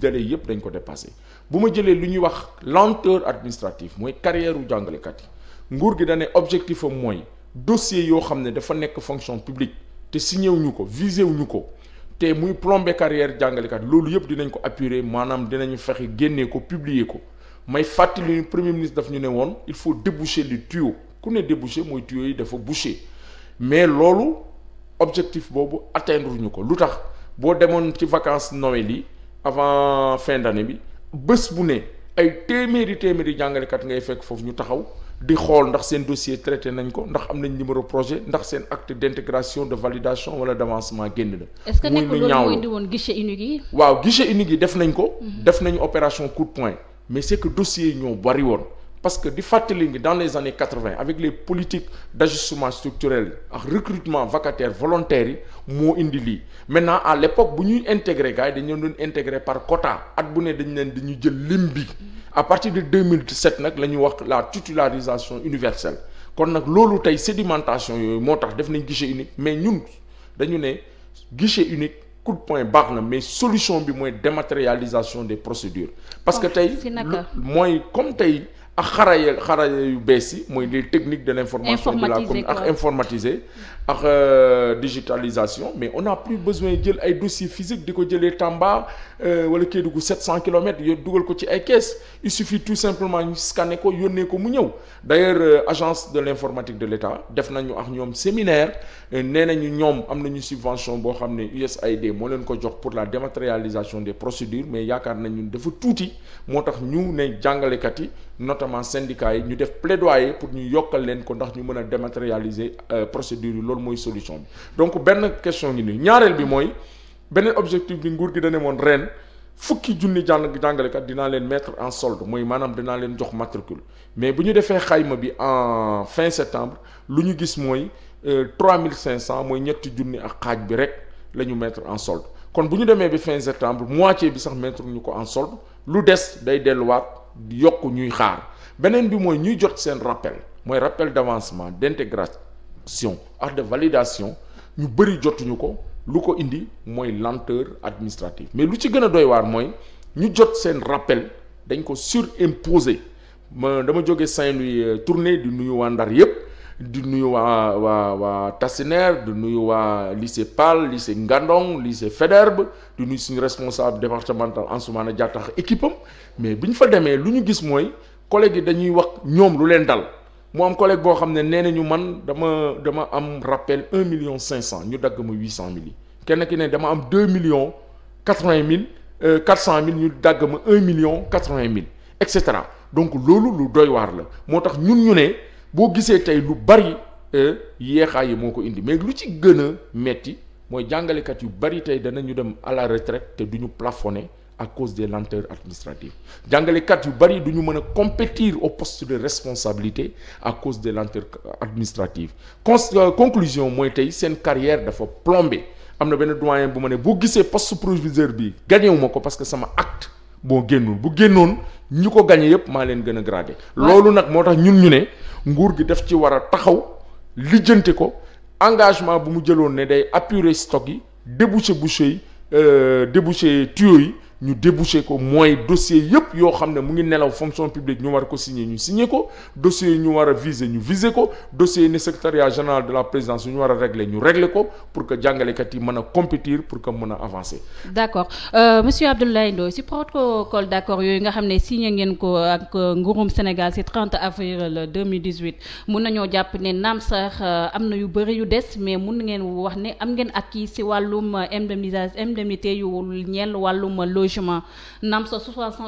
délai yëpp dañ ko dépassé bu ma jëlee lu ñuy wax lenteur administrative mooy carrière u jàngalekat yi nguur gi dane objectif am mooy dossier yoo xam ne dafa nekk fonction publique te signé wuñu ko visé wuñu ko te muy plombé carrière jàngalekat loolu yëpp dinañ ko appurer maanaam dinañu fexe génnee ko publier ko may fàttali ni premier ministre daf ñu ne woon il faut déboucher le tuyau ku ne déboucher mooy tuyau yi dafa boucher mais loolu objectif boobu atteindre ñu ko lu tax boo demoon ci vacances Noël yi avant fin d'année bi bés bu ne ay téeméeri téeméeri jàngalekat ngay fekk foofu ñu taxaw di xool ndax seen dossier traité nañ ko ndax am nañ numéro projet ndax seen acte d'intégration de validation wala d'avancement génn na. est-ce que nekkul loolu moo indi woon guichet unique yi. waaw guichet unique yi def nañ ko. Mhm. def nañ opération coup de mais c'est que dossiers yi ñoo bari woon. parce que di fàttali ngi dans les années quatre-vingt avec les politiques d'ajustement structurel ak recrutement vacataire volontaire yi moo indi lii maintenant à l'époque bu ñuy intégrer gars yi dañu doon intégrer par quota at bu ne dañu leen dañu jël lim bi à partir de 2017 nag la ñuy wax la titularisation universelle kon nag loolu tey sédimentation yooyu moo tax def nañ guichet unique mais ñun dañu ne guichet unique coup de baax na mais solution bi mooy dématérialisation des procédure parce que tey mooy comme tey ak xaraya xaraya yu bees yi mooy les technique de l'information de la commune ak informatiser ak euh, digitalisation mais on n'a plus besoin jël ay dossiers physiques di ko jëlee Tamba euh, wala Kédougou 700 kilomètres yo dugal ko ci ay caisse il fi tout simplement ñu scanner ko yónnee ko mu ñëw d'ailleurs euh, agence de l'informatique de l'État def nañu ak ñoom séminaire nee nañu ñoom am nañu subvention boo xam ne USAID moo leen ko jox pour la dématérialisation des procédures mais yaakaar nañu dafa tuuti moo tax ñu ne jàngalekat yi notamment syndicats yi ñu def plaidoyer pour ñu yokkal leen ko ndax ñu mën a dématérialiser euh, procédure yi loolu mooy solution bi donc benn question ngi nii ñaareel bi mooy beneen objectif bi nguur gi da ne woon ren fukki junni jàng jàngalekat dinaa leen mettre en solde mooy maanaam dinaa leen jox matricule mais bu ñu defee xayma bi en fin septembre lu ñu gis mooy 3500 euh, mooy ñetti junni ak xaaj bi rek la ñu mettre en solde kon bu ñu demee bi fin septembre moitié bi sax mettre ñu ko en solde lu des day delluwaat yokk ñuy xaar beneen bi mooy ñuy jot seen rappel mooy rappel d'avancement d'intégration ak de validation ñu bëri jotuñu ko lu ko indi mooy lenteur administrative mais lu ci gën a doy waar mooy ñu jot seen rappel dañ ko surimposer ma dama jóge Saint-Louis euh, tournée di nuyu waa Ndar yëpp di nuyu waa waa waa Tassinère di nuyu waa lycée Pal lycée Ngandong lycée Faidherbe di nuyu suñu responsable départemental Ansoumana a ak équipe am mais bi ñu fa demee lu ñu gis mooy collègue yi dañuy wax ñoom lu leen dal mu am collègue boo xam ne nee nañu man dama dama am rappel un million cinq cent ñu dagg ma huit cent mille kenn ki ne dama am deux millions quatre vingt mille euh, quatre cent mille ñu ma un million quatre vingt mille et cetera donc loolu lu doy waar la moo tax ñun ñu ne boo gisee tey lu bari euh, yeexaay yi moo ko indi mais lu ci gën a metti mooy jàngalekat yu bari tey danañu dem à la te du ñu plafonné à cause des lenteurs administratives jàngalekat yu bari du ñu mën a compétir au poste de responsabilité à cause des lenteurs administratives con euh, conclusion mooy tey seen carrière dafa plombé am na benn doyen bu ma ne boo gisee poste proviseur bi gagné ma ko parce que sama acte boo génnul bu génnoon ñi ko gagné yépp maa leen gën a gradé loolu nag moo tax ñun ñu ne nguur gi daf ci war a taxaw lijjante ko engagement bu mu jëloon ne day apurer stock yi déboucher boucher yi euh, déboucher tuyaux yi ñu débouché ko mooy dossier yëpp yoo xam ne mu ngi nelaw fonction publique ñu war ko signé ñu signé ko dossier yi ñu war a visé ñu visé ko dossier yi ne secrétariat général de la présidence ñu war a réglé ñu réglé ko pour que jàngalekat yi mën a compétir pour que mën a avancer. d' accord euh, monsieur Abdoulaye Ndoye si protocole d' accord yooyu nga xam ne signé ngeen ko ak euh, nguurum Sénégal si 30 avril 2018 mun nañoo jàpp ne naam sax euh, am na yu bëri yu des mais mun ngeen wax ne am ngeen ak kii si wàllum indemnisation indemnité yu ñeel wàllum logement nam sa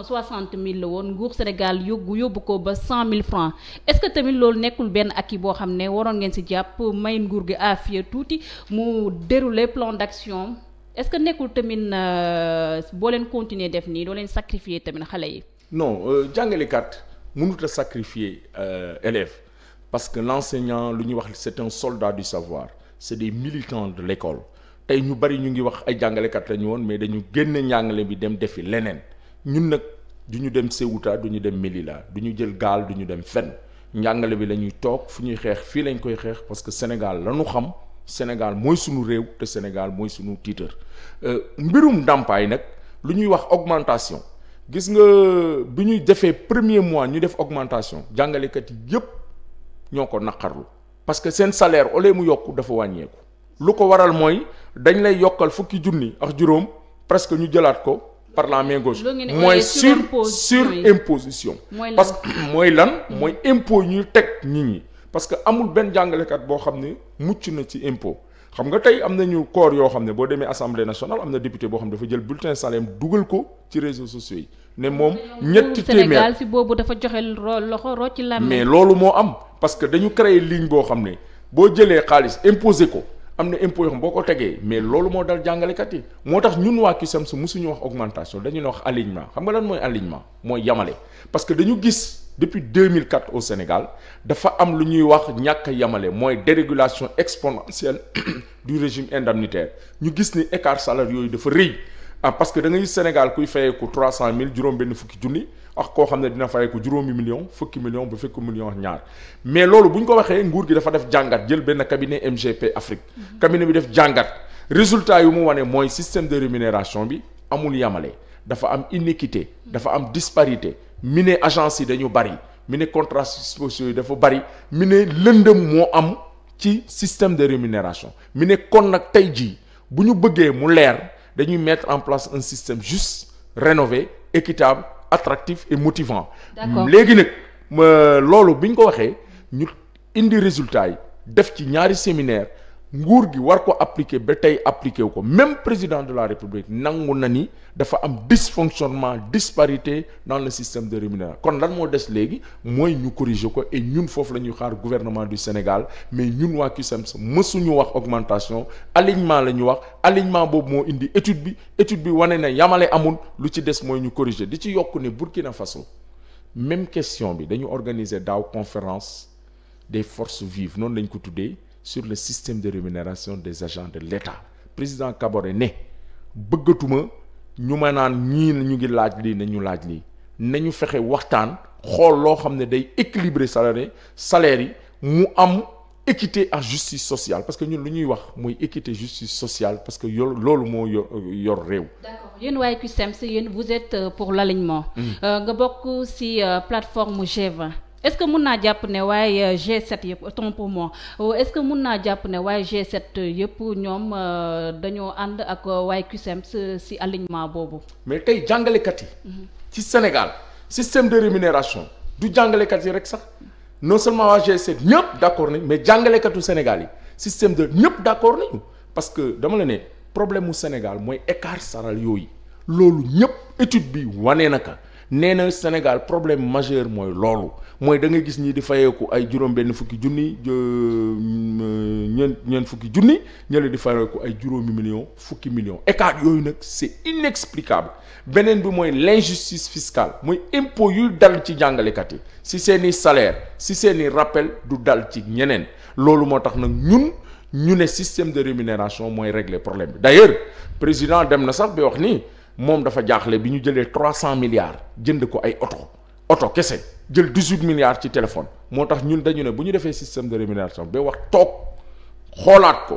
soixante mille la woon nguur Sénégal yóbbu yóbbu ko ba cent mille francs est que tamit loolu nekkul benn ak acquis boo xam ne waroon ngeen si jàpp may nguur gi afiya tuuti mu dérouler plan d'action est ce que nekkul tamit euh, boo leen continuer def nii doo leen sacrifier tamit xale yi non euh, jàngalekat mënut a sacrifier euh, élève parce que l'enseignant lu ñuy wax c'est un soldat du savoir c'est des militants de l'école tey ñu bari ñu ngi wax ay jàngalekat lañu woon mais dañu génn njàngale bi dem defi leneen ñun nag du ñu dem Ceuta du ñu dem Melilla du ñu jël gaal du ñu dem fenn njàngale bi la ñuy toog fu ñuy xeex fii lañ koy xeex parce que Sénégal la ñu xam Sénégal mooy suñu réew te Sénégal mooy sunu titre euh, mbirum ndàmpaay nag lu ñuy wax augmentation gis nga bi ñuy defee premier mois ñu def augmentation jàngalekat yi yëpp ñoo ko naqarlu parce que seen salaire au mu yokku dafa wàññeeku lu ko waral mooy. dañ lay yokkal fukki junni ak juróom presque ñu jëlaat ko par la main gauche mooy sur sur imposition parce que mooy lan mm-hmm. mooy impôt ñuy teg nit ñi parce que amul benn jàngalekat boo xam ne mucc na ci impôt xam nga tey am na ñu corps yoo xam ne boo demee assemblée nationale am na député boo xam ne dafa jël bulletin salaire dugal ko ci réseaux sociaux yi ne moom ñetti téeméer si boobu dafa joxe loxo rocc la mais loolu moo am parce que dañu créer ligne boo xam ne boo jëlee xaalis imposé ko am na impôt yoo boo ko tegee mais loolu moo dal jàngalekat yi moo tax ñun waa su CUSEMS suñu wax augmentation dañu ne wax alignement xam nga lan mooy alignement mooy yamale parce que dañu gis depuis 2004 au Sénégal dafa am lu ñuy wax ñàkk yamale mooy dérégulation exponentielle du régime indemnitaire ñu gis ni écart salaire yooyu dafa rëy ah parce que da nga gis Sénégal kuy fayeeku mille juróom benn fukki junni ak koo xam ne dina fay ko juróomi million fukki million ba fekk million ak ñaar mais loolu bu ñu ko waxee nguur gi dafa def jàngat jël benn cabinet MGP Afrique mm-hmm. cabinet bi def jàngat résultat yu mu wane mooy système de rémunération bi amul yamale dafa am inéquité dafa am disparité mi ne agence yi dañu bari mi ne contrats sociaux yi dafa bari mi ne lëndëm moo am ci système de rémunération mi ne kon nag tey jii bu ñu bëggee mu leer dañuy mettre en place un système juste rénové équitable attractif et motivant. léegi nag ma loolu bi ñu ko waxee ñu indi résultat yi def ci ñaari séminaire nguur gi war ko appliquer ba tey appliquer wu ko même président de la république nangu na ni dafa am dysfonctionnement disparité dans le système de rémunération kon lan moo des léegi mooy ñu corriger ko et ñun foofu la ñuy xaar gouvernement du Sénégal mais ñun waa CUSEMS e mësuñu wax augmentation alignement la ñu wax alignement boobu moo indi étude bi étude bi wane na yamale amul lu ci des mooy ñu corriger di ci yokk ne Burkina Faso même question bi dañu organiser daaw conférence des forces noonu lañ ko tuddee sur le système de rémunération des agents de l'État président Kabore ne bëggatuma ñu ma naan ñii ñu ngi laaj lii nañu laaj lii nañu fexe waxtaan xool loo xam ne day équilibrer salari salaire yi mu am équité ak justice sociale parce que ñun lu ñuy wax mooy équité justice sociale parce que loolu moo yor yor réew. d'accord yéen waaye CUSEMS yéen vous êtes euh, pour l'alignement. Mmh. Euh, nga bokk ci euh, plateforme g est-ce que mun naa jàpp ne waaye euh, G7 yëpp autant euh, pour est-ce que mun naa jàpp ne waaye G7 euh, yëpp ñoom dañoo ànd ak waaye CUSEMS si e alignement boobu. mais tey jàngalekat yi. Mhm. ci Sénégal système de rémunération du jàngalekat yi rek sax non seulement waa G7 ñëpp d'accord nañ mais jàngalekatu Sénégal yi système de ñëpp d'accord nañu parce que dama la ne problème mu Sénégal mooy écart saral yooyu loolu ñëpp étude bi wane na ka nee na Sénégal problème majeur mooy loolu mooy da nga gis ñi di fayeeku ay juróom-benn fukki junni euh, ñeent ñeent fukki junni ñële di ko ay juróomi million fukki million écart yooyu nag c'est inexplicable beneen bi mooy l'injustice fiscale mooy impôt yuy dal ci jàngalekat yi si seeni salaire si seeni rappel du dal ci ñeneen loolu moo tax nag ñun ñu ne système de rémunération mooy régler problème bi d'ailleurs président dem na sax bi wax nii moom dafa jaaxle bi ñu jëlee trois cent milliards jënd ko ay oto oto kese jël dix huit milliards ci téléphone moo tax ñun dañu ne bu ñu defee système de rémunération ba wax toog xoolaat ko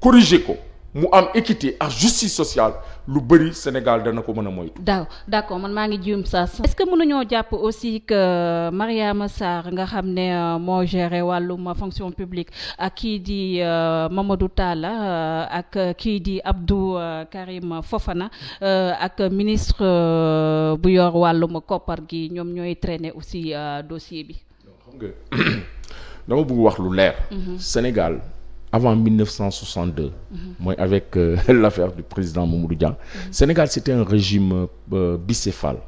corriger ko. mu am équité ak justice sociale lu bëri Sénégal dana ko mën a moytu. daaw d' accord man maa ngi juum saa est ce que mënuñoo jàpp aussi que euh, Mariama Sarr nga xam ne euh, moo géré wàllum fonction publique ak kii di euh, Mamadou Talla ak kii di Abdou Karim Fofana ak ministre bu yor wàllum koppar gi ñoom ñooy traîner aussi dossier bi. dama bëgg wax lu leer. Mhm. Sénégal. avant 1962. Mhm. mooy avec euh, l'affaire du président Mamadou Dia. Mhm. Sénégal c'était un régime euh, bicéphale.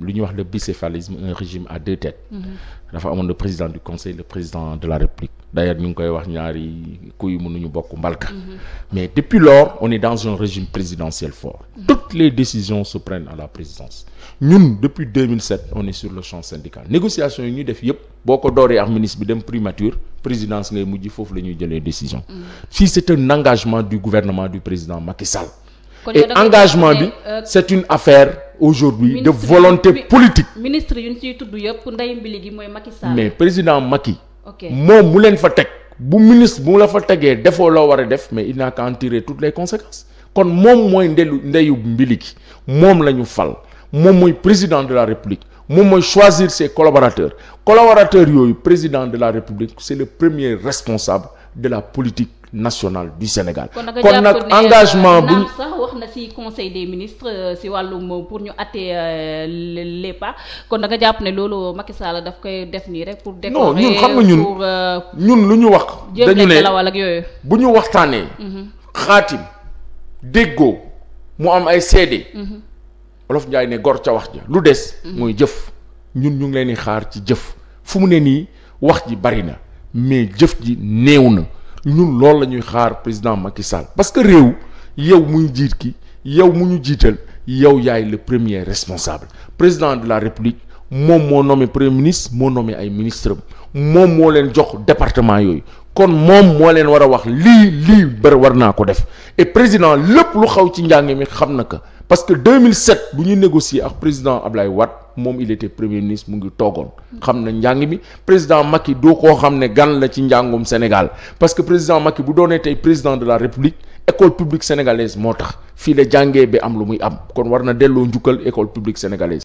lu ñu wax le bicéphalisme un régime à deux têtes. Mm-hmm. dafa amoon le président du conseil le président de la république d'ailleurs ñu ngi koy wax ñaari kuy mënuñu bokk mbalka mm-hmm. mais depuis lors on est dans un régime présidentiel fort mm-hmm. toutes les décisions se prennent à la présidence ñun depuis on est sur le champ syndical négociation yi ñu def yëpp boo ko dooree ak ministre bi dem primature présidence ngay mujj foofu la ñuy jëlee décision si c'est un engagement président Macky Sall et engagement bi euh, c'est une affaire aujourd'hui de volonté politique. ministre yu ñu ciy yëpp ndeyu mbili gi mooy Macky Sall. mais président Macky. moom mu leen fa teg bu ministre bu la fa tegee defoo loo war a def mais il n'a qu'à en toutes les conséquences kon moom mooy ndelu ndeyu mbili gi moom la ñu fal moom mooy président de la république. moom mooy choisir ses collaborateurs collaborateurs yooyu président de la république c'est le premier responsable de la politique national du Sénégal. kon nag euh, engagement bu sax wax na ci conseil des ministres euh, ci wàllum pour ñu àttee euh, les kon da jàpp ne loolu Macky daf koy def nii rek. pour déclarer non ñun xam nga ñun ñun lu ñu wax. dañu ne bu ñu waxtaanee. Mhm. xaatim déggoo mu am ay seede. Mhm. Olof Njaay ne gor ca wax ja lu des. Mhm. mooy jëf ñun ñu ngi leen di xaar ci jëf fu mu ne nii wax ji bari na mais jëf ji néew na. ñun loolu la ñuy xaar président Macky Sall parce que réew yow muy jiit ki yow mu ñu jiital yow yaay le premier responsable président de la république moom moo nommé premier ministre moo nommé ay ministre moom moo leen jox département yooyu kon moom moo leen war a wax lii lii bëri war naa ko def et président lépp lu xaw ci njàng mi xam na ko parce que 2007 bu ñuy négocier ak président Ablaye Wade moom il était premier ministre mu ngi toogoon xam na njàng bi président Macky doo koo xam ne gan la ci njàngum Sénégal parce que président Macky bu doonee tey président de la République école publique sénégalaise moo tax fii la jàngee bi am lu muy am kon war na delloo njukkal école publique sénégalaise